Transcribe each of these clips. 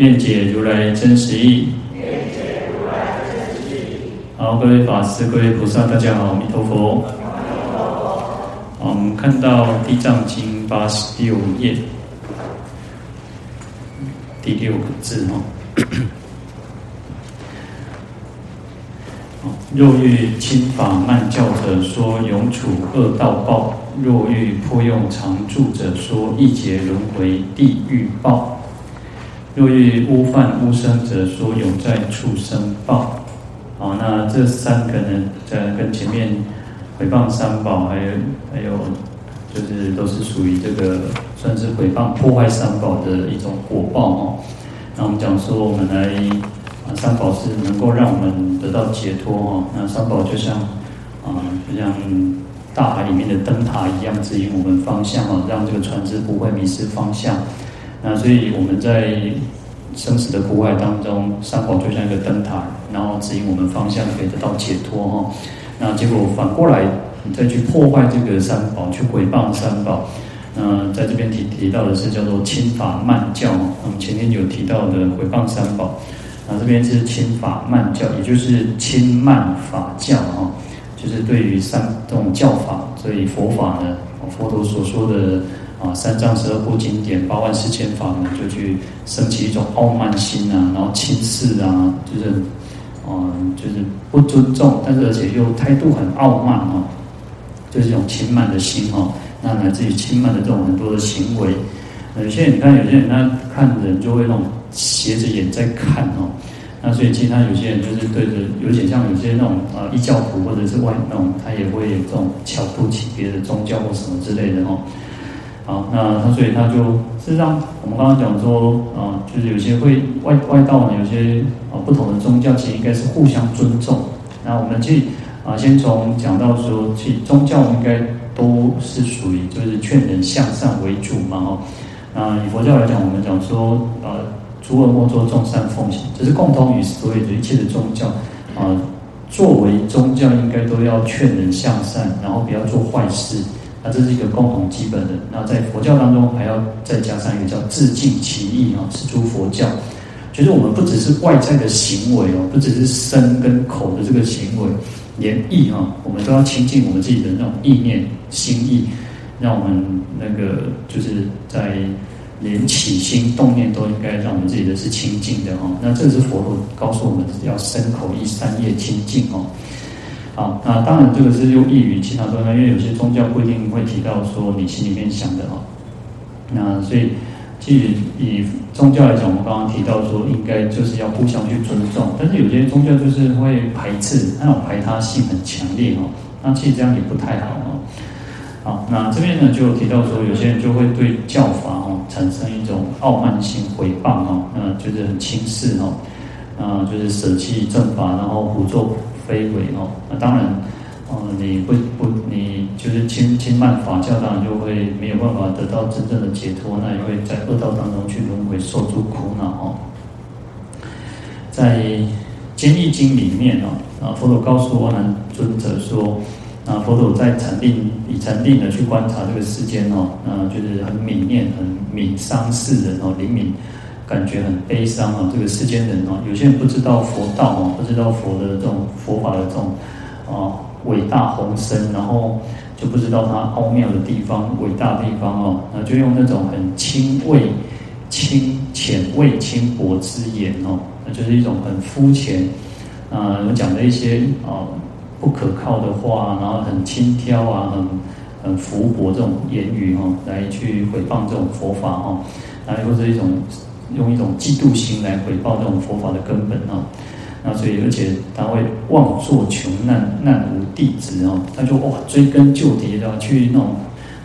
願解如來真實義。願解如來真實義。好，各位法師、各位菩薩，大家好，阿彌陀佛。彌陀佛。好，我們看到《地藏經》八十六頁第六個字哈。若 遇輕法慢教者，說永處惡道報；若遇破用常住者，說億劫輪迴地獄報。若遇污梵誣僧者，說永在畜生報。好，那這三個呢？在跟前面毀謗三寶，還有還有，就是都是屬於這個，算是毀謗破壞三寶的一種果報哦。那我們講說，我們來，三寶是能夠讓我們得到解脫哦。那三寶就像，啊，就像大海裡面的燈塔一樣，指引我們方向哦，讓這個船只不會迷失方向。那所以我們在生死的苦海當中，三寶就像一個燈塔，然後指引我們方向，可以得到解脫哈。那結果反過來你再去破壞這個三寶，去毀謗三寶。那在這邊提提到的是叫做輕法慢教，那我們前天有提到的毀謗三寶。那這邊是輕法慢教，也就是輕慢法教哈，就是對於三這種教法，所以佛法呢，佛陀所說的。啊，三藏十二部經典八萬四千法門，就去生起一種傲慢心啊，然後輕視啊，就是，嗯、呃，就是不尊重，但是而且又態度很傲慢哦、啊，就是這種輕慢的心哦、啊。那來自於輕慢的這種很多的行為，有些人你看，有些人他看人就會那種斜着眼在看哦、啊。那所以其他有些人就是對着，有點像有些那種呃異、啊、教徒或者是外弄，他也會有這種瞧不起別的宗教或什麼之類的哦、啊。啊，那他所以他就事實上我們剛剛講說，啊、呃，就是有些會外外道呢，有些啊、呃、不同的宗教其實應該是互相尊重。那我們去啊、呃、先從講到說，其宗教應該都是屬於就是勸人向善為主嘛，哈、哦。那以佛教來講，我們講說，啊、呃，諸惡莫作，眾善奉行，這、就是共通於，所、就、以、是、一切的宗教啊、呃，作為宗教應該都要勸人向善，然後不要做壞事。那這是一個共同基本的。那在佛教當中，還要再加上一個叫自淨其意啊，是諸佛教。就是我們不只是外在的行為哦，不只是身跟口的這個行為，連意哈，我們都要清淨我們自己的那種意念、心意，讓我們那個就是在連起心動念都應該讓我們自己的是清淨的哈。那這是佛陀告訴我們要身口意三業清淨哦。好，那當然這個是又異於其他宗教，因為有些宗教不一定會提到說你心裡面想的哈。那所以，基於以宗教來講，我們剛剛提到說，應該就是要互相去尊重。但是有些宗教就是會排斥，那種排他性很強烈哈。那其實這樣也不太好哦。好，那這邊呢就提到說，有些人就會對教法哦產生一種傲慢性毀謗哦，那、呃、就是很輕視哦，啊、呃、就是捨棄正法，然後胡作。非為哦，那當然，哦你不不你就是輕輕慢法教，當然就會沒有辦法得到真正的解脫，那也會在惡道當中去輪迴受住苦惱哦。在《堅意經》裡面哦，啊佛陀告訴阿難，尊者說，啊佛陀在禪定以禪定的去觀察這個世間哦，那就是很泯念、很泯傷世人哦，靈敏。感覺很悲傷啊！這個世間人啊，有些人不知道佛道啊，不知道佛的這種佛法的這種啊偉大宏深，然後就不知道它奧妙的地方、偉大的地方哦，那就用那種很輕微、輕淺微、輕薄之言哦，那就是一種很膚淺啊，呃、我講的一些啊不可靠的話，然後很輕佻啊、很很浮薄這種言語哦，來去毀謗這種佛法哦。然後或者是一種。用一種嫉妒心來回報這種佛法的根本啊，那所以而且他會妄作窮難，難無弟子啊，他就哇追根究底的去那種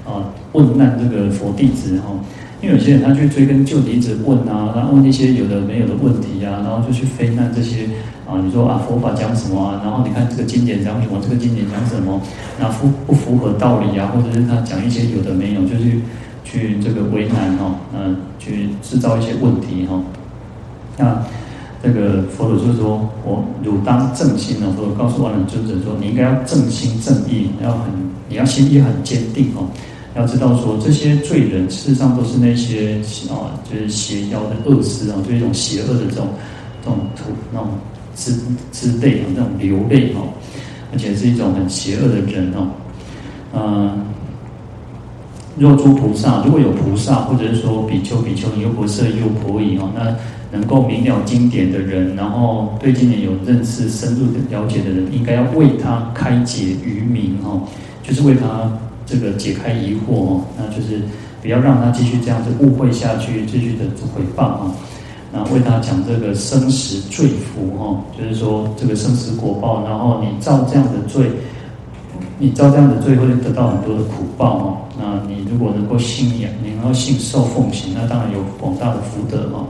啊、呃、問難這個佛弟子哦，因為有些人他去追根究底子問啊，然後問一些有的沒有的問題啊，然後就去非難這些啊，你說啊佛法講什麼啊，然後你看這個經典講什麼，這個經典講什麼，那符不，不符合道理啊，或者是他講一些有的沒有就去、是。去這個為難哦，嗯、呃，去製造一些問題哦。那這個佛陀就是說：“我汝當正心啊，或者告訴阿難尊者說，你應該要正心正意，要很你要心地很堅定哦。要知道說，這些罪人事實上都是那些啊、哦，就是邪妖的惡屍啊、哦，就一種邪惡的這種這種土那種之之輩的，那種、這種流輩哦，而且是一種很邪惡的人哦，嗯、呃。”若諸菩薩，如果有菩薩，或者是說比丘、比丘尼、優婆塞、優婆夷哦，那能夠明了經典的人，然後對經典有認識、深入的了解的人，應該要為他開解愚迷哦，就是為他這個解開疑惑哦，那就是不要讓他繼續這樣子誤會下去，繼續的毀謗，啊，那為他講這個生死罪福哦，就是說這個生死果報，然後你造這樣的罪。你遭這樣的罪，會得到很多的苦報哦。那你如果能夠信仰，你能夠信受奉行，那當然有廣大的福德哦。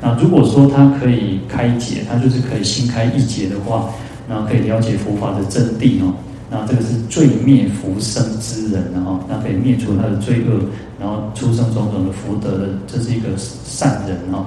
那如果說他可以開解，他就是可以心開意解的話，那可以了解佛法的真諦哦。那這個是罪滅福生之人哦，那可以滅除他的罪惡，然後出生種種的福德的，這是一個善人哦。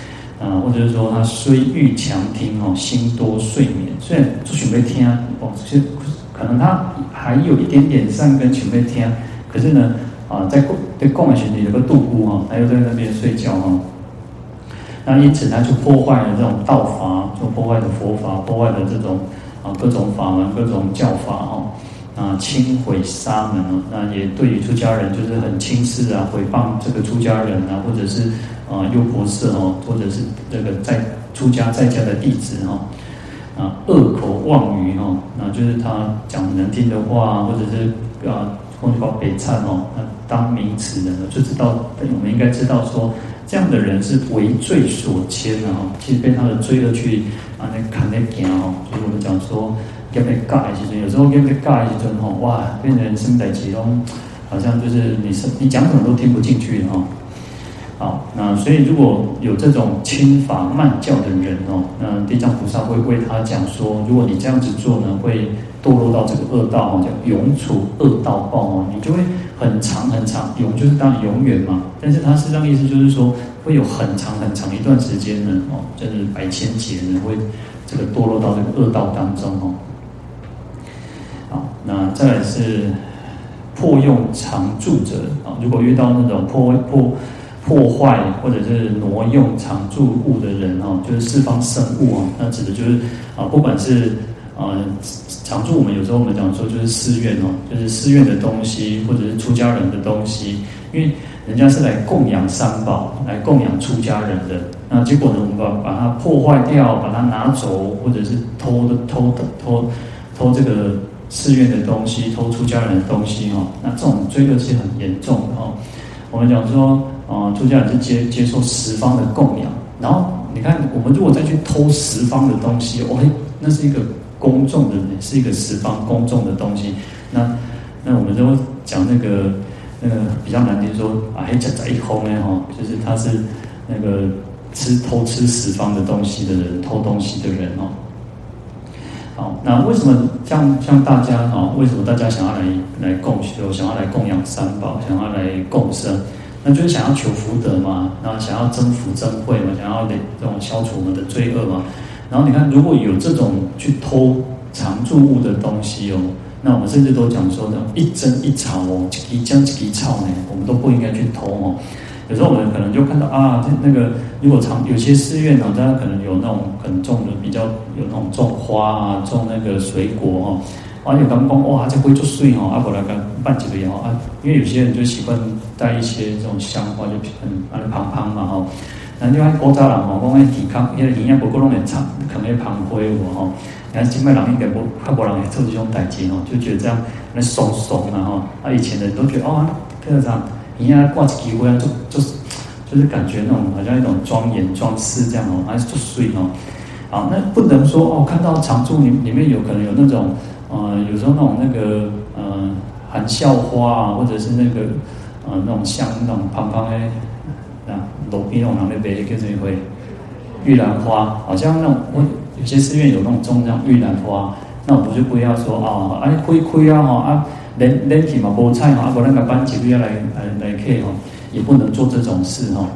啊，或者是說他雖欲強聽哦，心多睡眠，雖然準備聽哦，這些可能他還有一點點善根準備聽，可是呢，啊，在對供養群裡有個度孤哦，他又在那邊睡覺哦，那因此他就破壞了這種道法，就破壞了佛法，破壞了這種啊各種法門、各種教法哦。啊，輕毀沙門哦，那也對於出家人就是很輕視啊，毀謗這個出家人啊，或者是啊、呃、優婆塞哦，或者是這個在出家在家的弟子哦，啊惡口妄語哦，那就是他講難聽的話，或者是啊混口北餐哦，那當名詞人就知道、哎，我們應該知道說，這樣的人是為罪所牽的、啊、其實被他的罪而去啊那砍那劍哦，所以、就是、我們講說。又被尬一陣，有時候又尬一陣好。哇，變成身在其中，好像就是你是你講什麼都聽不進去的好，那所以如果有這種輕法慢教的人哦，那地藏菩薩會為他講說，如果你這樣子做呢，會墮落到這個惡道哦，叫永處惡道報哦，你就會很長很長，永就是當然永遠嘛，但是他實際上意思就是說，會有很長很長一段時間呢哦，就是百千劫呢，會這個墮落到這個惡道當中哦。啊，那再來是破用常住者啊，如果遇到那種破破破壞或者是挪用常住物的人哦，就是四方僧物啊，那指的就是啊，不管是呃常住，我們有時候我們講說就是寺院哦，就是寺院的東西或者是出家人的東西，因為人家是來供養三寶，來供養出家人的，那結果呢，我們把把它破壞掉，把它拿走，或者是偷的偷偷偷這個。寺院的東西，偷出家人的東西哦，那這種罪惡是很嚴重的哦。我們講說，啊，出家人是接接受十方的供養，然後你看，我們如果再去偷十方的東西，OK，哦，那是一個公眾的，是一個十方公眾的東西。那那我們都講那個那個比較難聽，說啊，講賊一空呢哦，就是他是那個吃偷吃十方的東西的人，偷東西的人哦。對好，那為什麼像像大家哦？為什麼大家想要來來共修，想要來供養三寶，想要來共生？那就是想要求福德嘛，然後想要增福增慧嘛，想要來這種消除我們的罪惡嘛。然後你看，如果有這種去偷常住物的東西哦，那我們甚至都講說的，一針一草哦，一針一草呢，我們都不應該去偷哦。嗯、有時候我們可能就看到啊，那那個如果常有些寺院啊，大家可能有那種很重的比較有那種種花啊，種那個水果哈，而且他們講哇，這花真水哦，阿、啊、婆來干辦幾個也好啊。因為有些人就喜歡帶一些這種香花，就很，安尼捧捧嘛吼、啊。那另外古早人嘛，講安抵抗，因為營養不夠，攏會插，扛些旁花個吼。你看現在人應該不，無、啊，快無也特別這種代志哦，就覺得這樣，那慫慫然後，啊以前的人都覺得哦，這、啊、樣。你看它掛起幾回啊？就就是就是感覺那種好像一種莊嚴莊師這樣、啊啊、那哦，還是就睡哦。好，那不能說哦，看到常住裡面裡面有可能有那種呃，有時候那種那個呃含笑花啊，或者是那個呃那種像那種盆盆誒，那路邊那種哪裡邊跟着會玉蘭花，好像那種我有些寺院有那種種那樣玉蘭花，那我們就不要說哦，而虧虧啊哦啊。啊啊啊啊連連體嘛，菜、啊、嘛，那個班級要來來來客哦，也不能做這種事哈、哦。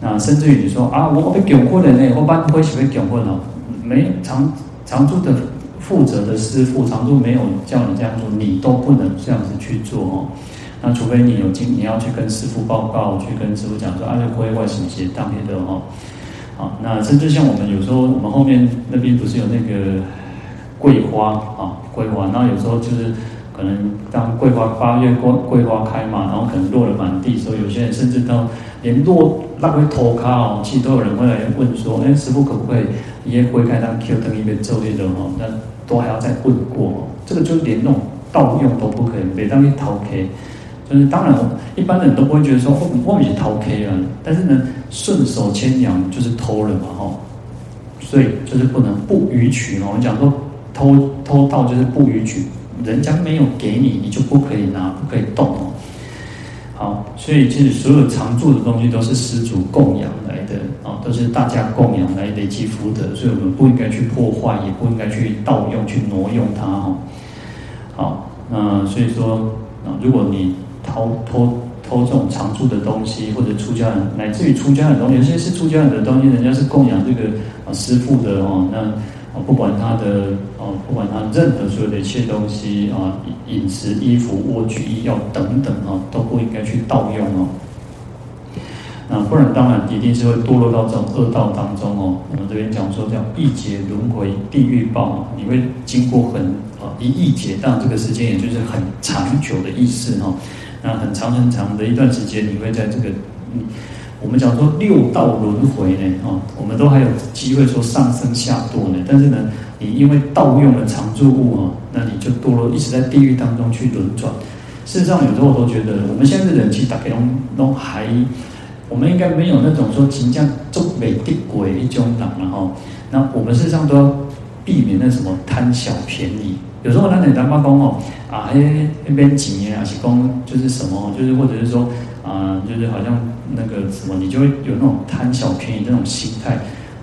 那甚至於你說啊，我被過了呢，我班會去被過了。沒常常住的負責的師父，常住沒有叫你這樣做，你都不能這樣子去做哦。那除非你有經，你要去跟師父報告，去跟師父講說啊，這不會，什麼當面的哈？好，那甚至像我們有時候，我們後面那邊不是有那個桂花啊、哦，桂花，然後有時候就是。可能當桂花，花八月桂花開嘛，然後可能落了滿地，所以有些人甚至都連落那邊偷靠，其實都有人會來問說：哎、欸，師傅可不可以他他一邊揮開當 q 燈一邊奏樂的哦？那都還要再問過、哦。這個就是連那種盜用都不可以，別當一偷開，就是當然一般人都不會覺得說、哦、我們也偷開啊。但是呢，順手牽羊就是偷了嘛吼、哦，所以就是不能不逾矩哦。我們講說偷偷盜就是不逾矩。人家沒有給你，你就不可以拿，不可以動哦。好，所以其實所有常住的東西都是施主供養來的，都是大家供養來累積福德，所以我們不應該去破壞，也不應該去盜用、去挪用它哦。好，那所以說，啊，如果你偷偷偷這種常住的東西，或者出家人，乃至於出家人的東西，有些是出家人的東西，人家是供養這個啊師傅的哦，那。不管他的哦，不管他任何所有的一切東西啊，飲食、衣服、臥具、醫藥等等啊，都不應該去盜用哦。那不然，當然一定是會墮落到這種惡道當中哦。我們這邊講說叫億劫輪迴地獄報，你會經過很一億劫，當然這個時間也就是很長久的意思哈。那很長很長的一段時間，你會在這個。我們講說六道輪迴呢，哦，我們都還有機會說上升下墮呢。但是呢，你因為盜用了常住物哦，那你就墮落一直在地獄當中去輪轉。事實上，有時候我都覺得，我們現在的人氣大概都都還，我們應該沒有那種說怎樣做美帝國一種人了哦。那我們事實上都要避免那什麼貪小便宜。有時候很簡單，話講哦，啊，哎那邊幾年啊，是攻就是什麼，就是或者是說。啊、呃，就是好像那個什麼，你就會有那種貪小便宜的那種心態。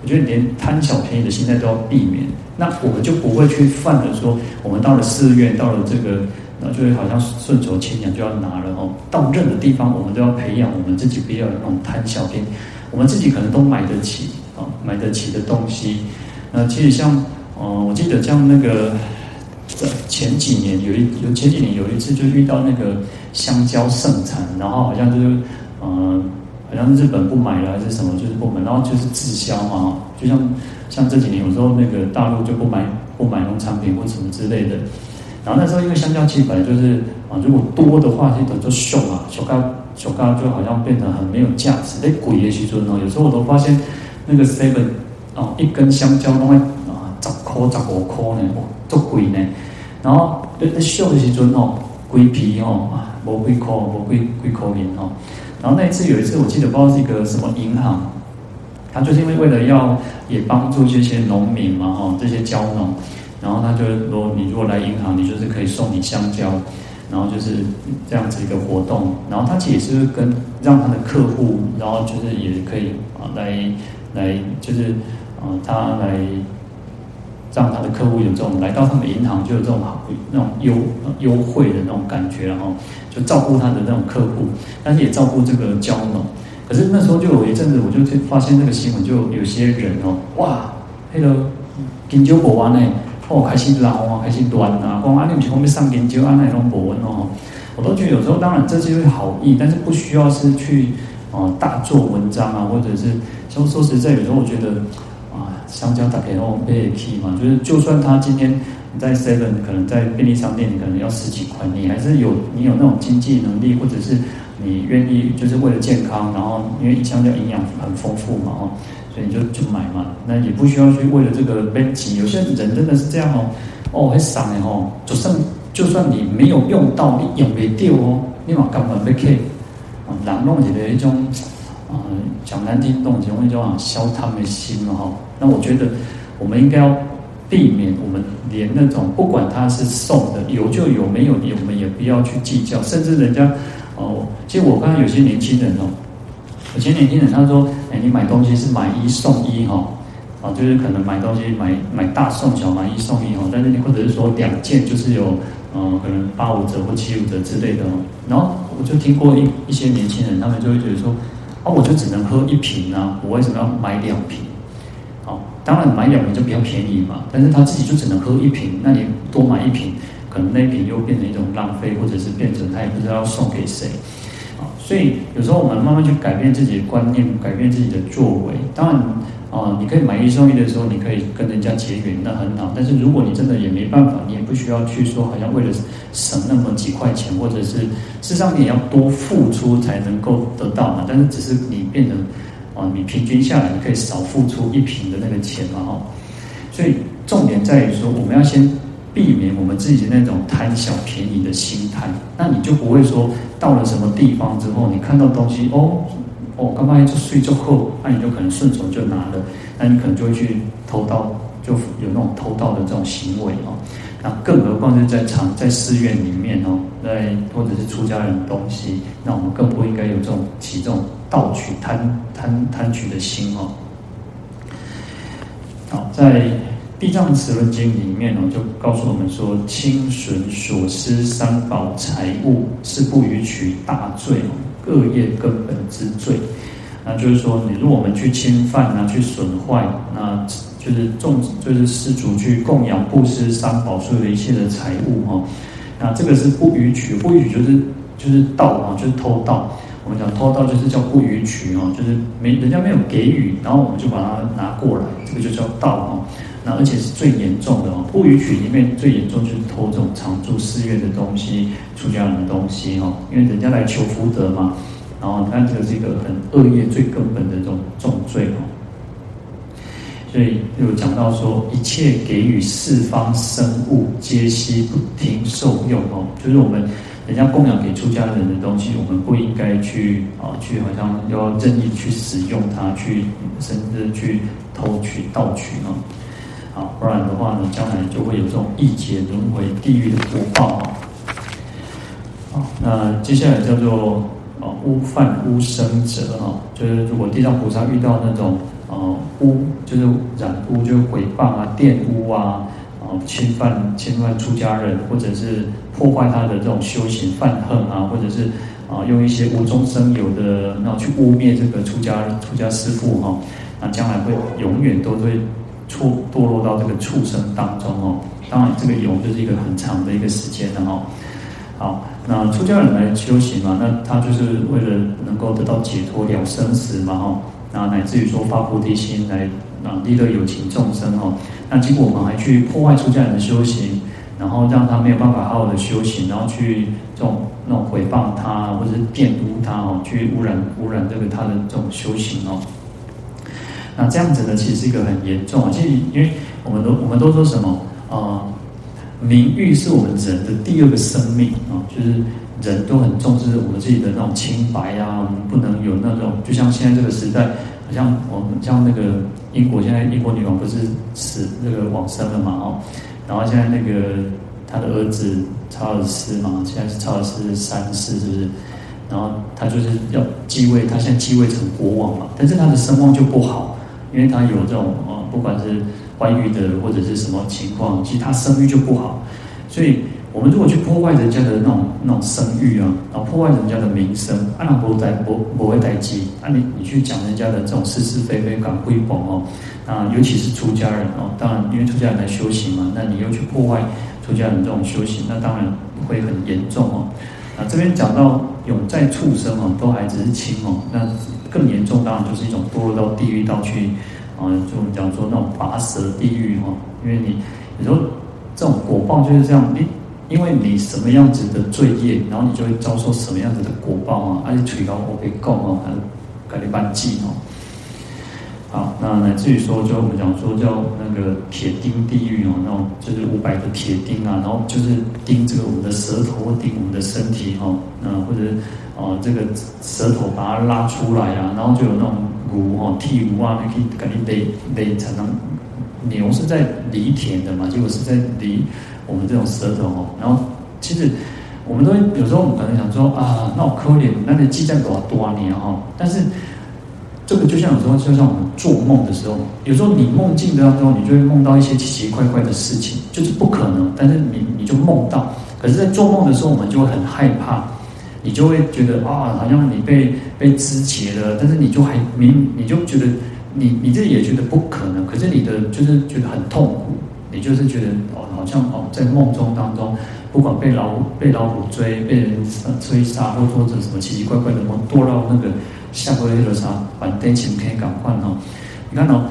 我覺得連貪小便宜的心態都要避免。那我們就不會去犯了說，說我們到了寺院，到了這個，那、呃、就會好像順手牽羊就要拿了哦。到任何地方，我們都要培養我們自己不要有那種貪小便宜。我們自己可能都買得起啊、哦，買得起的東西。那、呃、其實像，呃我記得像那個前幾年有一，有前幾年有一次就遇到那個。香蕉盛產，然後好像就是，嗯、呃，好像是日本不買了還是什麼，就是不買，然後就是滯銷嘛。就像像這幾年，有時候那個大陸就不買不買農產品或什麼之類的。然後那時候因為香蕉其實本來就是，啊，如果多的話，這等就熊啊，熊咖熊咖，就好像變得很沒有價值，得貴。也許就是哦，有時候我都發現那個 seven 哦、喔，一根香蕉都會啊十塊十五塊呢，哦，足貴呢。然後在那熊的時陣哦，龜、喔、皮哦、喔。我會口，我會會口音哦。然後那一次，有一次，我記得不知道是一個什麼銀行，他就是因為為了要也幫助這些農民嘛，哈、哦，這些蕉農，然後他就說，你如果來銀行，你就是可以送你香蕉，然後就是這樣子一個活動。然後他其實也是跟讓他的客戶，然後就是也可以啊來來就是啊、呃、他來。讓他的客戶有這種來到他們銀行就有這種好那種優優惠的那種感覺，然後就照顧他的那種客戶，但是也照顧這個交往。可是那時候就有一陣子，我就發現這個新聞，就有些人哦，哇那個研究博文哎，哦，開心啦，啊，開心端吶，哇、啊，你每天上研究啊那種博文哦，我都覺得有時候當然這是好意，但是不需要是去哦、呃、大做文章啊，或者是說說實在，有時候我覺得。香蕉搭配後配起嘛，就是就算他今天你在 Seven 可能在便利商店，你可能要十幾塊，你還是有你有那種經濟能力，或者是你願意就是為了健康，然後因為香蕉營養很豐富嘛，哦，所以你就去買嘛。那也不需要去為了這個面子，有些人真的是這樣哦，哦，很傻的哦，就算就算你沒有用到，你也沒丟哦，你嘛根本沒看，啊，懶惰就是一種。講難聽動靜，容易就往消他們的心了哈。那我覺得，我們應該要避免我們連那種不管他是送的有就有沒有的，我們也不要去計較。甚至人家哦，其實我看剛有些年輕人哦，有些年輕人他說、欸：“你買東西是買一送一哈，啊、哦，就是可能買東西買買大送小，買一送一哈，但是你或者是說兩件就是有呃可能八五折或七五折之類的哦。然後我就聽過一一些年輕人，他們就會覺得說。哦、啊，我就只能喝一瓶啊！我為什麼要買兩瓶？哦、啊，當然買兩瓶就比較便宜嘛。但是他自己就只能喝一瓶，那你多買一瓶，可能那瓶又變成一種浪費，或者是變成他也不知道送給誰。所以有時候我們慢慢去改變自己的觀念，改變自己的作為。當然，啊、呃，你可以買一送一的時候，你可以跟人家結緣，那很好。但是如果你真的也沒辦法，你也不需要去說好像為了省那麼幾塊錢，或者是事實上你也要多付出才能夠得到嘛。但是只是你變得，啊、呃，你平均下來你可以少付出一瓶的那個錢嘛哈。所以重點在於說，我們要先。避免我們自己那種貪小便宜的心態，那你就不會說到了什麼地方之後，你看到東西哦，哦，剛剛一出睡着後，那你就可能順手就拿了，那你可能就會去偷盜，就有那種偷盜的這種行為哦。那更何況是在藏在寺院裡面哦，或者是出家人的東西，那我們更不應該有這種起這種盜取、貪貪貪取的心哦。好，在。地藏十輪經裡面哦，就告訴我們說，侵損所施三寶財物是不與取大罪，各業根本之罪。那就是說，你如果我們去侵犯啊，去損壞，那就是眾就是施主去供養布施三寶所有的一切的財物哦，那這個是不與取，不與取就是就是盜啊，就是偷盜。我們講偷盜就是叫不與取哦，就是沒人家沒有給予，然後我們就把它拿過來，這個就叫盜哦。那而且是最嚴重的哦，不與取裡面最嚴重就是偷這種常住寺院的東西、出家人的東西哦，因為人家來求福德嘛，然後他這個是一個很惡業最根本的這種重罪哦。所以就講到說，一切給予四方生物皆悉不聽受用哦，就是我們人家供養給出家人的東西，我們不應該去啊、哦、去好像要任意去使用它，去甚至去偷取、盜取哦。啊、不然的話呢，將來就會有這種億劫輪迴地獄的果報啊。那接下來叫做啊，污梵誣僧者哈、啊，就是如果地藏菩薩遇到那種啊，污，就是染污，就是毀謗啊、玷污啊、啊侵犯侵犯出家人，或者是破壞他的這種修行，犯恨啊，或者是啊用一些無中生有的，然後去污蔑這個出家出家師父。哈、啊，那將來會永遠都會。錯墮落到這個畜生當中哦，當然這個永就是一個很長的一個時間的哦。好，那出家人來修行嘛，那他就是為了能夠得到解脫了生死嘛吼、哦，那乃至於說發菩提心來利益的有情眾生哦。那結果我們還去破壞出家人的修行，然後讓他沒有辦法好好的修行，然後去這種那種誹謗他或者是玷污他哦，去污染污染這個他的這種修行哦。那這樣子呢，其實是一個很嚴重啊。其實，因為我們都我們都說什麼啊、呃？名譽是我們人的第二個生命啊、呃，就是人都很重視我們自己的那種清白呀、啊。我們不能有那種，就像現在這個時代，好像我們像那個英國，現在英國女王不是死那個往生了嘛？哦，然後現在那個他的兒子查爾斯嘛，現在是查爾斯三世，是不是？然後他就是要繼位，他現在繼位成國王嘛，但是他的聲望就不好。因為他有這種呃，不管是外遇的或者是什麼情況，其實他聲譽就不好。所以，我們如果去破壞人家的那種那種聲譽啊,然後破壞人家的名聲,啊,然不待不不會待機。啊,你你去講人家的這種是是非非,講輝煌哦,那、啊、尤其是出家人哦、啊,當然因為出家人來修行嘛,那你又去破壞出家人這種修行,那當然會很嚴重哦。啊,這邊講到。永在畜生哦，都還只是輕哦，那更嚴重當然就是一種墮落到地獄道去，啊，就我們講說那種拔舌地獄哦，因為你，你說這種果報就是這樣，你因為你什麼樣子的罪業，然後你就會遭受什麼樣子的果報啊，而且除了我被告哦，跟跟你辦紀哦。啊好，那來自於說，就我們講說叫那個鐵釘地獄哦，那種就是五百個鐵釘啊，然後就是釘這個我們的舌頭，或釘我們的身體哦，那或者哦這個舌頭把它拉出來啊，然後就有那種骨哦，剔骨啊，可以可以得得常常牛是在犁田的嘛，結果是在犁我們這種舌頭哦，然後其實我們都會說有時候我們可能想說啊，那我可憐，那你積在多少啊？你啊，但是。這個就像有時候，就像我們做夢的時候，有時候你夢境當中，你就會夢到一些奇奇怪怪的事情，就是不可能，但是你你就夢到。可是，在做夢的時候，我們就會很害怕，你就會覺得啊，好像你被被肢解了，但是你就還明，你就覺得你你自己也覺得不可能，可是你的就是覺得很痛苦，你就是覺得哦，好像哦，在夢中當中，不管被老虎被老虎追，被人追殺，或者着什麼奇奇怪怪的夢，墮落到那個。下個月的茶，反正前天趕換哦。你看哦，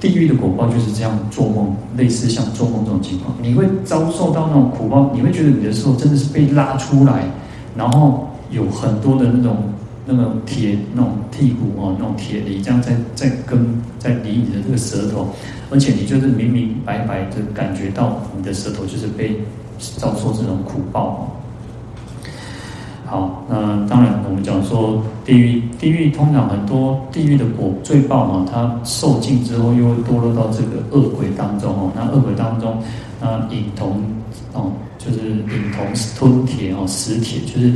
地獄的果報就是這樣做，做夢類似像做夢這種情況，你會遭受到那種苦報，你會覺得你的手真的是被拉出來，然後有很多的那種那種、個、鐵那種、個、剔骨哦，那種鐵犁這樣在在跟在犁你的這個舌頭，而且你就是明明白白的感覺到你的舌頭就是被遭受這種苦報。好，那當然，我們講說地獄，地獄通常很多地獄的果報嘛、哦，它受盡之後又會墮落到這個惡鬼當中哦。那惡鬼當中，那飲銅哦，就是飲銅吞鐵哦，食鐵就是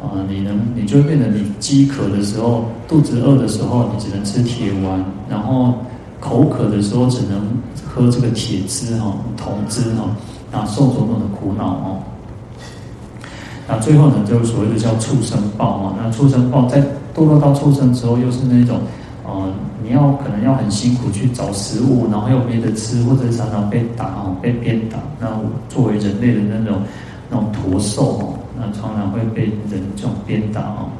啊、呃，你能你就會變成你飢渴的時候，肚子餓的時候，你只能吃鐵丸，然後口渴的時候只能喝這個鐵汁哦，銅汁哦，那受種種的苦惱哦。那最後呢，就是所謂的叫畜生報嘛。那畜生報在墮落到畜生之後，又是那種，呃，你要可能要很辛苦去找食物，然後又沒得吃，或者常常被打哦，被鞭打。那作為人類的那種那種駝獸哦，那常常會被人這種鞭打哦。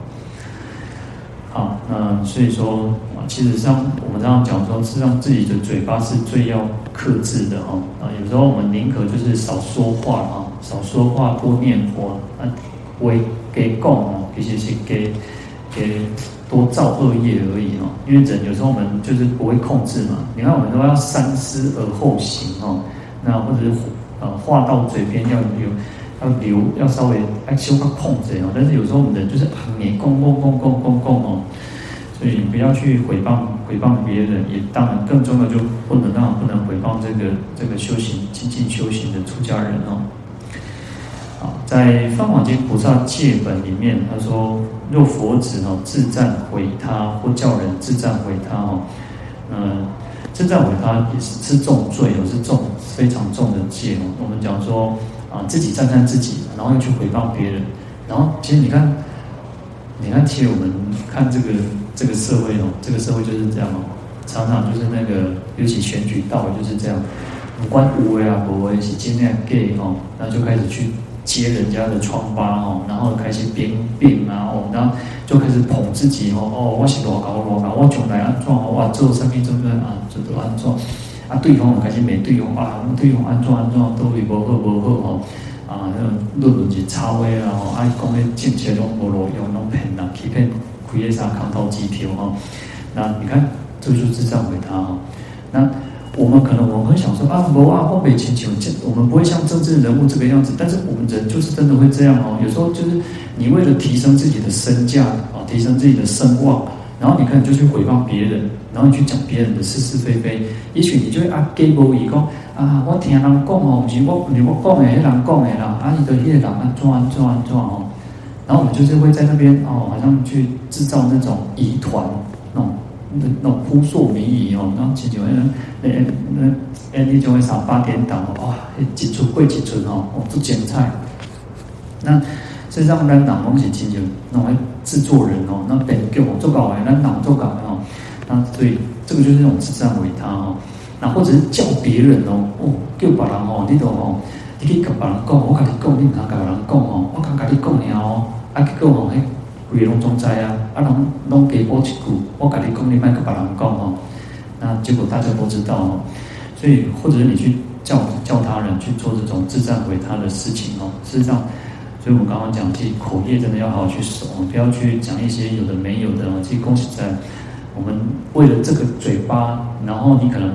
好，那所以說，其實像我們這樣講說，實際上自己的嘴巴是最要克制的哈、哦。啊，有時候我們寧可就是少說話啊。少說話，多念佛啊！為給供哦，給些是給給多造惡業而已哦。因為人有時候我們就是不會控制嘛。你看我們都要三思而後行哦，那或者是呃話到嘴邊要留要留要稍微哎，修個控制哦。但是有時候我們人就是啊，沒供供供供供供哦，所以不要去誹謗誹謗別人，也當然更重要就不能讓不能誹謗這個這個修行精進修行的出家人哦。在《梵網經菩薩戒本》裡面，他說：“若佛子吼自讚毀他，或教人自讚毀他哦。呃」嗯，自讚毀他也是是重罪哦，是重非常重的戒哦。我們講說啊、呃，自己讚歎自己，然後又去毀謗別人，然後其實你看，你看貼我們看這個這個社會哦，這個社會就是這樣哦，常常就是那個，尤其選舉到了就是這樣，無關無為啊，國位起見面 gay 那就開始去。”接人家的瘡疤吼，然後開始編病，病啊，然後就開始捧自己吼，哦，我是多高多高，我從來安怎，我，我做啥咪做咩啊，做都安怎，啊，對方我開始沒對方，哇、啊，對方安怎安怎都為無好無好吼，啊，那種言論，就是臭的啊，啊，講的盡皆攏無路用，攏騙人欺騙，虧些三空頭支票吼，那你看，就是這種回答吼，那。我們可能我們會、啊，我很想說啊，不啊，我沒請求，這我們不會像政治人物這個樣子。但是我們人就是真的會這樣哦。有時候就是你為了提升自己的身價啊、哦，提升自己的聲望，然後你可能就去誹謗別人，然後你去講別人的是是非非。也許你就會啊，give 我一個啊，我聽人講哦，不是我，你們講的，那些人講的啦，啊，你的那些啊，安怎安怎安怎哦。然後我們就是會在那邊哦，好像去制造那種疑團。那那撲朔迷離哦，那親像那那那那種八點檔，哇，一寸過一寸哦，哦做剪彩，那事實上咱黨攏是親像弄個制作人哦,那得叫做搞來咱黨做搞哦，那所以這個就是那種自讚毀他，哦那或者是叫別人哦，哦叫別人哦，你都哦，你跟別人講，我跟你講，你唔通跟別人講哦，我跟你講哦，啊毀龍中災啊！阿龍龍給波、哦、所以，或者你去叫叫他人去做這種自贊毀他的事情哦，事實上，所以我們剛剛講，其實口業真的要好好去守，不要去講一些有的沒有的。其實說實在我們為了這個嘴巴，然後你可能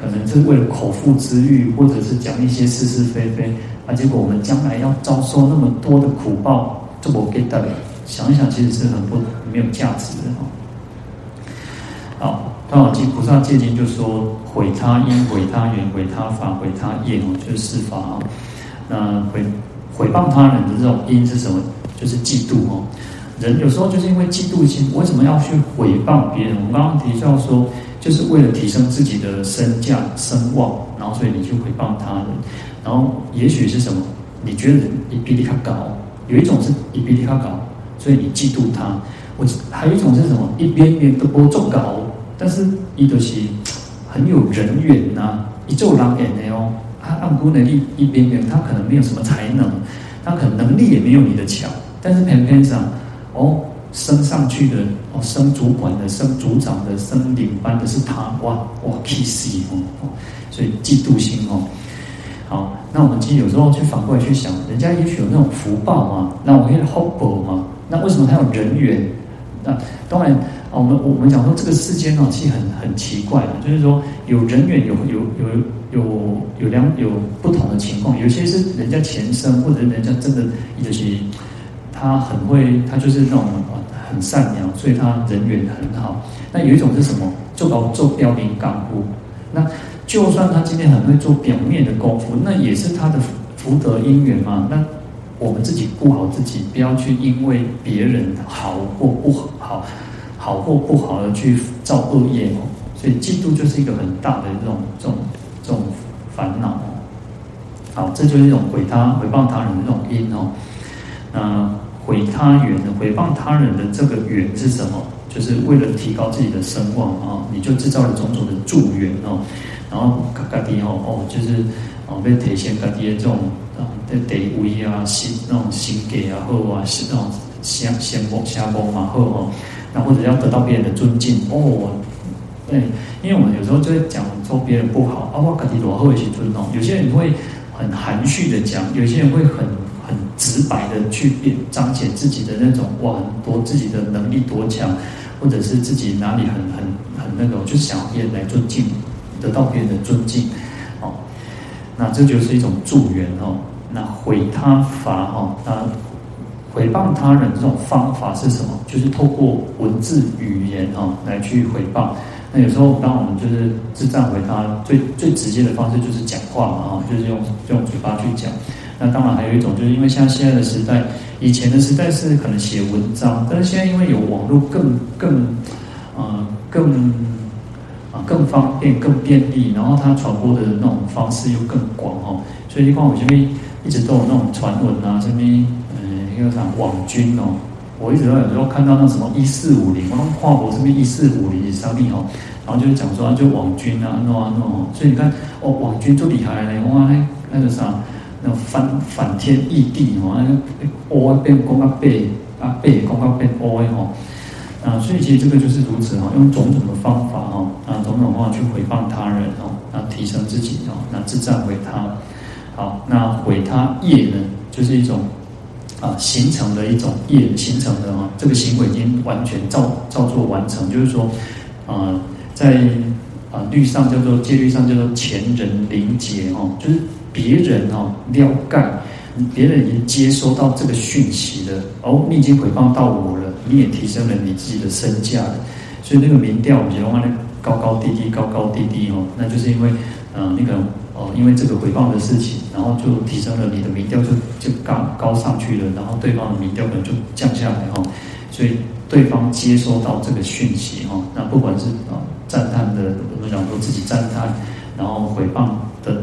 可能是為了口腹之欲，或者是講一些是是非非，那、啊、結果我們將來要遭受那麼多的苦報，這麼給得了？想一想其實是很不很沒有價值的哦。好，大寶積菩薩戒經就說毀他因、毀他緣、毀他法、毀他業，就是釋法啊。那毀毀謗他人的這種因是什麼？就是嫉妒哦。人有時候就是因為嫉妒心，為什麼要去毀謗別人？我剛剛提到說，就是為了提升自己的身價、聲望，然後所以你去毀謗他人，然後也許是什麼？你覺得你比他高，有一種是你比他高。所以你嫉妒他，我還有一種是什麼？一邊邊都不重搞，但是伊德西很有人緣吶、啊，伊就讓眼的哦，他按功能一一邊人，他可能沒有什麼才能，他可能能力也沒有你的強，但是偏偏上哦升上去的哦升主管的升組長的升領班的是他哇哇 kiss 哦，所以嫉妒心哦，好，那我們其實有時候去反過來去想，人家也許有那種福報嘛，那我們可以 hope 嘛。那為什麼他有人緣？那當然，我們我們講說這個世間啊，其實很很奇怪的，就是說有人緣，有有有有有兩有不同的情況，有些是人家前生或者人家真的有些他很會，他就是那種很善良，所以他人緣很好。那有一種是什麼？就搞做表面功夫，那就算他今天很會做表面的功夫，那也是他的福德因緣嘛。那。我們自己顧好自己，不要去因為別人好或不好，好，好或不好的去造惡業哦。所以嫉妒，就是一個很大的這種、這種、這種煩惱哦。好，這就是一種毀他、毀謗他人的那種因哦。那毀他人的、毀謗他人的這個緣是什麼？就是為了提高自己的聲望哦，你就製造了種種的助緣哦。然後嘎嘎地哦哦，就是哦被體現嘎地的這種。那地位啊，是那種性格啊或啊，是那種先先風先風嘛好吼、啊，那或者要得到別人的尊敬哦，對，因為我們有時候就會講說別人不好啊，哇，跟你落後一些尊重，有些人會很含蓄的講，有些人會很很直白的去彰顯自己的那種哇，很多自己的能力多強，或者是自己哪裡很很很那種，就想要別人來尊敬，得到別人的尊敬，哦，那這就是一種助緣哦。那毀他法哈、哦，那毀謗他人這種方法是什麼？就是透過文字語言哈、哦、來去毀謗。那有時候當我們就是自讚毀他，最最直接的方式就是講話嘛，啊，就是用用嘴巴去講。那當然還有一種，就是因為像現在的時代，以前的時代是可能寫文章，但是現在因為有網絡更，更、呃、更更啊更方便、更便利，然後它傳播的那種方式又更廣哦，所以一況我這邊。一直都有那種傳聞啊，什麼嗯、哎，那個啥網軍哦，我一直都有時候看到那什麼一四五零，我那跨國什麼一四五零什上的哦，然後就講說、啊、就網軍啊，那啊那哦、啊，所以你看哦，網軍最厲害嘞，哇，那個啥，那個、反反天易地哦，那一窩變公啊背啊背公啊變窩哦，啊，所以其實這個就是如此哦，用種種的方法哦，啊，種種方法去毀謗他人哦，啊，提升自己哦，那自讚為他。好，那毀他業呢？就是一種啊，形成的一種業，形成的哈、啊，這個行為已經完全造造作完成，就是說、呃、啊，在啊律上叫做戒律上叫做前人領解哦、啊，就是別人哦了解，別人已經接收到這個訊息了，哦，你已經毀謗到我了，你也提升了你自己的身價了，所以那個民調，我們形容為高高低低，高高低低哦、啊，那就是因為啊那個。哦，因為這個毀謗的事情，然後就提升了你的民調，就就槓高，高上去了，然後對方的民調可能就降下來哦。所以對方接收到這個訊息哦，那不管是啊、哦、讚歎的，我們講說自己讚歎，然後毀謗的，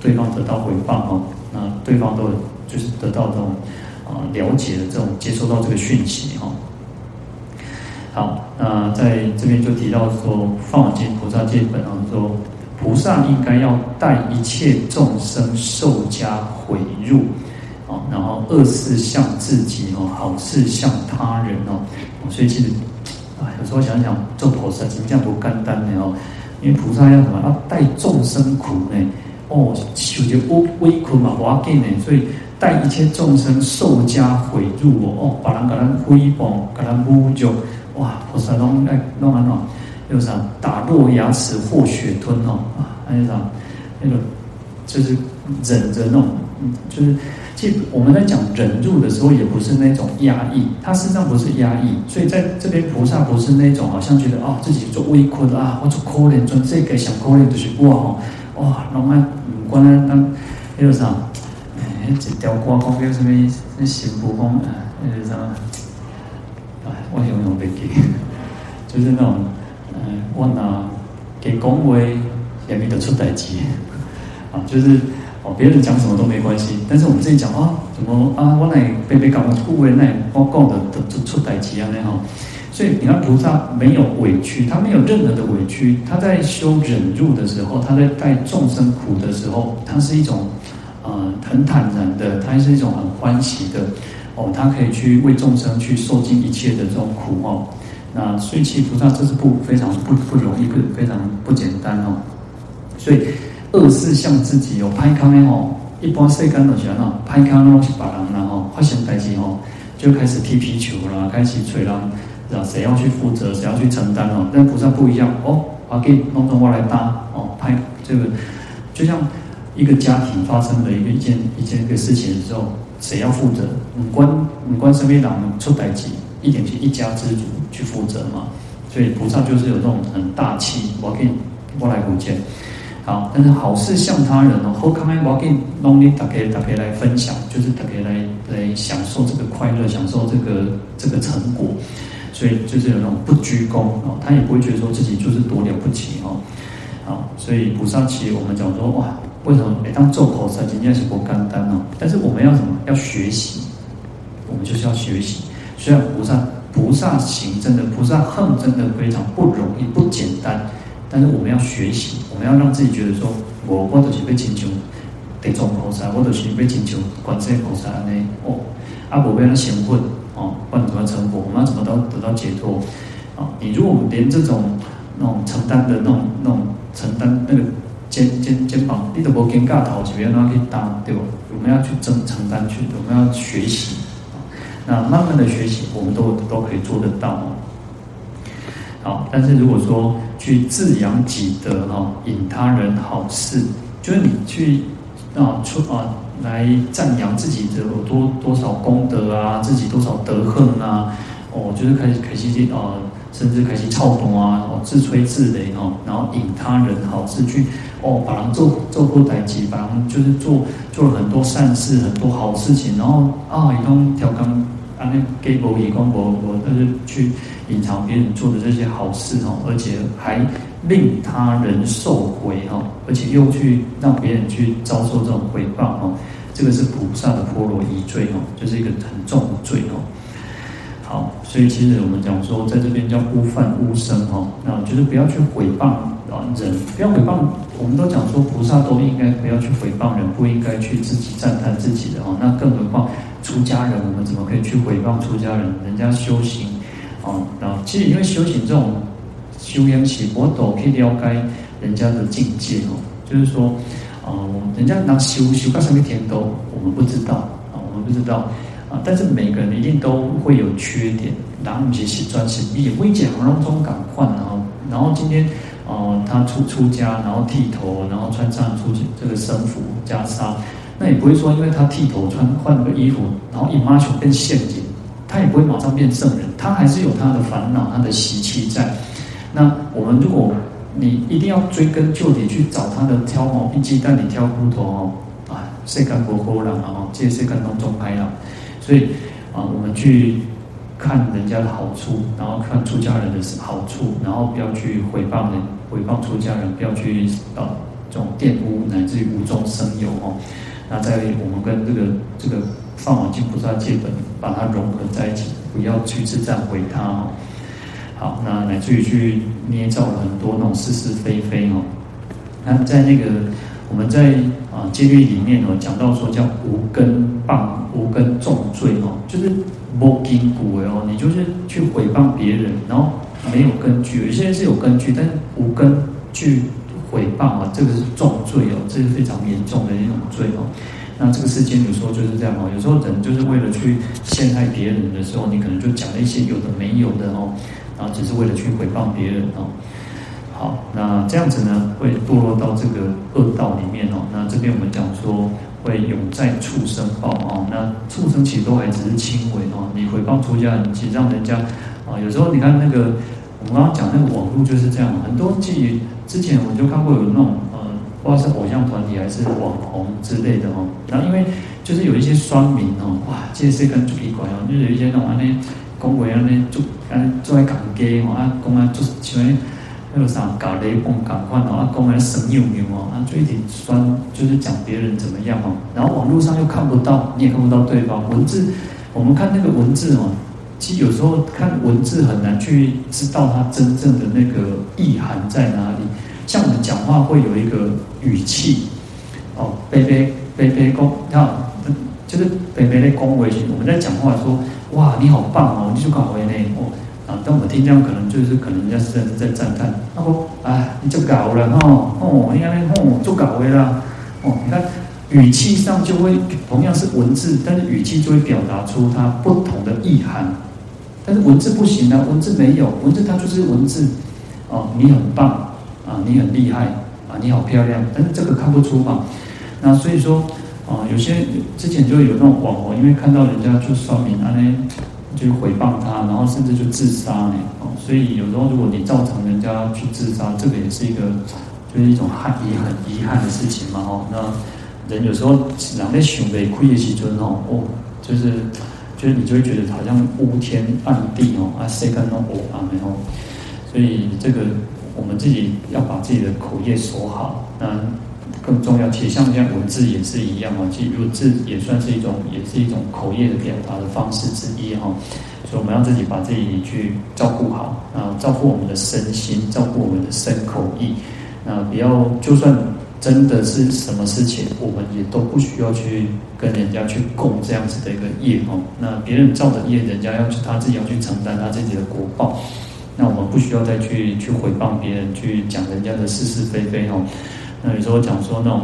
對方得到毀謗哦，那對方都就是得到這種啊、哦、了解的這種接收到這個訊息哦。好，那在這邊就提到說《梵網經》菩薩戒本上說。菩薩應該要代一切眾生受加毀辱，哦，然後惡事向自己哦，好事向他人哦，所以其實，有時候想想做菩薩真的不簡單呢哦，因為菩薩要什麼？要帶眾生苦呢？哦，就是我微苦嘛，我見呢，所以代一切眾生受加毀辱哦，把人給人回報，給人侮辱，哇，菩薩都應該就是啊，打落牙齒或血吞哦啊！阿先生，那種就是忍着那種，就是，其實我們在講忍辱的時候，也不是那種壓抑，他身上不是壓抑，所以在這邊菩薩不是那種好像覺得哦，自己做微虧啊，我做可憐，做最吉祥可憐就是我哦，哇，弄啊，不管啊，那，就是啊，哎，一條歌講叫什麼？那行不通啊，就是啊，哎，我形容得見，就是那種。嗯，我給恭為也沒得出代機啊， 就是哦，別人講什麼都沒關係，但是我們自己講啊，怎麼啊，我那被被搞個護衛那我講的都出出代機啊，那樣、哦、所以你看菩薩沒有委屈，他沒有任何的委屈，他在修忍辱的時候，他在代眾生苦的時候，他是一種啊、呃、很坦然的，他是一種很歡喜的哦，他可以去為眾生去受盡一切的這種苦哦。那所以菩薩這是不非常不不容易不非常不簡單哦，所以惡事向自己有拍看哦，一般世間都是安哦，拍看那是把人然、啊、後發生代志哦，就開始踢皮球啦，開始找啦，然後誰要去負責，誰要去承擔哦，但菩薩不一樣哦，阿給用中華來搭哦，拍這個就像一個家庭發生的一個一,一件一件個事情的時候，誰要負責？唔關唔關身邊人出代志。一點就一家之主去負責嘛，所以菩薩就是有那種很大氣，我給你我來構建。好，但是好事向他人哦，好康的我給你弄的大家，大家來分享，就是大家來來享受這個快樂，享受這個這個成果。所以就是有那種不居功哦，他也不會覺得說自己就是多了不起哦。好，所以菩薩其實我們講說哇，為什麼每當做菩薩真的是不簡單哦？但是我們要什麼？要學習，我們就是要學習。雖然菩薩菩薩行真的菩薩恨真的非常不容易不簡單，但是我們要學習，我們要讓自己覺得說，我我者是被請求地藏菩薩，我者是要成就要觀世音菩薩安尼哦，啊無要那辛苦哦，換做那成佛我我慢子得到得到解脫哦。你如果連這種那種承擔的那種那種承擔那個肩肩肩膀，你都無尷尬到，不要那去擔，對吧？我們要去真承擔去，我們要學習。那慢慢的學習，我們都都可以做得到。好，但是如果說去自揚己德哈、哦，引他人好事，就是你去啊出啊來讚揚自己的多多少功德啊，自己多少德行啊，哦，就是開始開始哦，甚至開始操弄啊，哦自吹自擂，哦，然後引他人好事去哦，把人做做多歹幾們就是做做了很多善事，很多好事情，然後啊一通調羹。那給佛以功德，佛他就去隱藏別人做的這些好事哦，而且還令他人受悔哦，而且又去讓別人去遭受這種誹謗哦，這個是菩薩的波羅夷罪哦，就是一個很重的罪哦。好，所以其實我們講說，在這邊叫污梵誣僧哦，那就是不要去誹謗。人不要誹謗，我們都講說菩薩都應該不要去誹謗人，不應該去自己讚歎自己的哦。那更何況出家人，我們怎麼可以去誹謗出家人？人家修行，啊，那其實因為修行這種修養、習，我都可以了解人家的境界哦。就是說，啊，人家拿修行幹什麼？天都我們不知道啊，我們不知道啊。但是每個人一定都會有缺點，然後我們就是你也危險，危簡而中感然後然後今天。哦，他出出家，然後剃頭，然後穿上出去，這個僧服袈裟，那也不會說，因為他剃頭穿換個衣服，然後一麻就變陷阱，他也不會馬上變聖人，他還是有他的煩惱、他的習氣在。那我們如果你一定要追根究底去找他的挑毛病雞蛋裡挑骨頭哦，啊，誰甘波波浪啊，這些誰甘當中派了，所以啊，我們去。看人家的好處，然後看出家人的好處，然後不要去誹謗人，誹謗出家人，不要去呃這種玷汙，乃至於無中生有哦。那在我們跟這個這個梵網經菩薩戒本把它融合在一起，不要去自讚毀他哦。好，那乃至於去捏造了很多那種是是非非哦。那在那個我們在啊戒律裡面哦，講到說叫無根謗，無根重罪哦，就是。誣告哦，你就是去誹謗別人，然後沒有根據，有些人是有根據，但是無根據誹謗啊，這個是重罪哦，這是非常嚴重的一種罪哦。那這個世間有時候就是這樣哦，有時候人就是為了去陷害別人的時候，你可能就講了一些有的沒有的哦，然後只是為了去誹謗別人哦。好，那這樣子呢，會墮落到這個惡道裡面哦。那這邊我們講說。會永在畜生報哦，那畜生其實都還只是輕微哦，你回報出家人，其實讓人家，啊有時候你看那個，我們剛剛講那個網路就是這樣，很多基於之前我就看過有那種呃，不知道是偶像團體還是網紅之類的，然後因為就是有一些酸民哦，哇，這是一個更主意怪哦，就是有一些那種安尼，講話安尼做，安做在講假啊公安。那個啥，搞雷捧，趕快哦！阿公還神牛牛哦，他嘴頂酸，就是講別人怎麼樣哦、啊。然後網絡上又看不到，你也看不到對方文字。我們看那個文字哦、啊，其實有時候看文字很難去知道它真正的那個意涵在哪裡。像我們講話會有一個語氣哦，卑卑卑卑恭，你看，就是卑卑的恭維。我們在講話說：“哇，你好棒哦！”你就恭維你哦。啊但我聽這樣，可能就是可能人家是在在讚嘆。他說：“啊，你就搞了哦，哦，你看嘞，哦，就搞了。哦，你看語氣上就會同樣是文字，但是語氣就會表達出它不同的意涵。但是文字不行啊，文字沒有文字，它就是文字。哦，你很棒啊，你很厲害啊，你好漂亮。但是這個看不出嘛。那所以說，哦、啊，有些之前就有那種網紅，因為看到人家就說明啊，嘞。”就回報他，然後甚至就自殺呢。哦，所以有時候如果你造成人家去自殺，這個也是一個，就是一種遺憾，很遺憾的事情嘛。吼、哦，那人有時候人在行為虧的時陣吼，哦，就是就是你就會覺得好像烏天暗地哦，啊，誰幹了我啊？然後，所以這個我們自己要把自己的口業守好。那。更重要，其實像這樣文字也是一樣嘛，其實文字也算是一種，也是一種口業的表達的方式之一哈。所以我們要自己把自己去照顧好，啊，照顧我們的身心，照顧我們的身口意，那不要就算真的是什麼事情，我們也都不需要去跟人家去共這樣子的一個業哈。那別人造的業，人家要去他自己要去承擔他自己的果報，那我們不需要再去去誹謗別人，去講人家的是是非非哦。那有時候講說，那種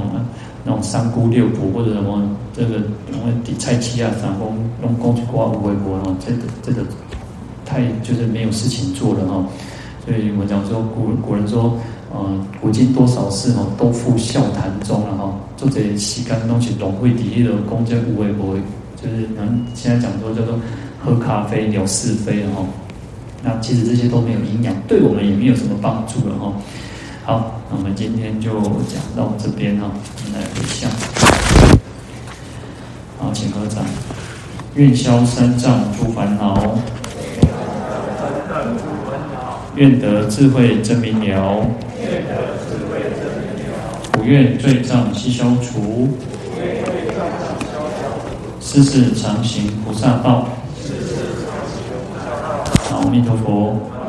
那種三姑六婆或者什麼這個,因為菜雞啊，長工用工去刮胡為國，那種這個這個太就是沒有事情做了哈。所以我講說古人古人說，呃、嗯、古今多少事哈，都、哦、付笑談中了哈、啊。做這些吸干東西，總會抵力的攻擊無為國，就是能，現在講說叫做、就是、喝咖啡聊是非了哈、哦。那其實這些都沒有營養，對我們也沒有什麼幫助了哈。哦好，那我們今天就講到這邊哈，來回向。好，請合掌。願消三障諸煩惱，願得智慧真明了，願得智慧真明了，不願罪障悉消除，世世常行菩薩道，阿彌陀佛。